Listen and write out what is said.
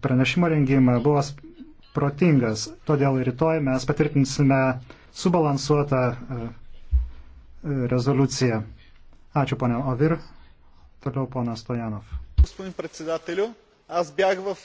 pranešimo rengimą buvo protingas. Todėl rytoj mes patvirtinsime subalansuotą e, e, rezoliuciją. Ačiū, ponia Ovir. Toliau ponas Stojanov.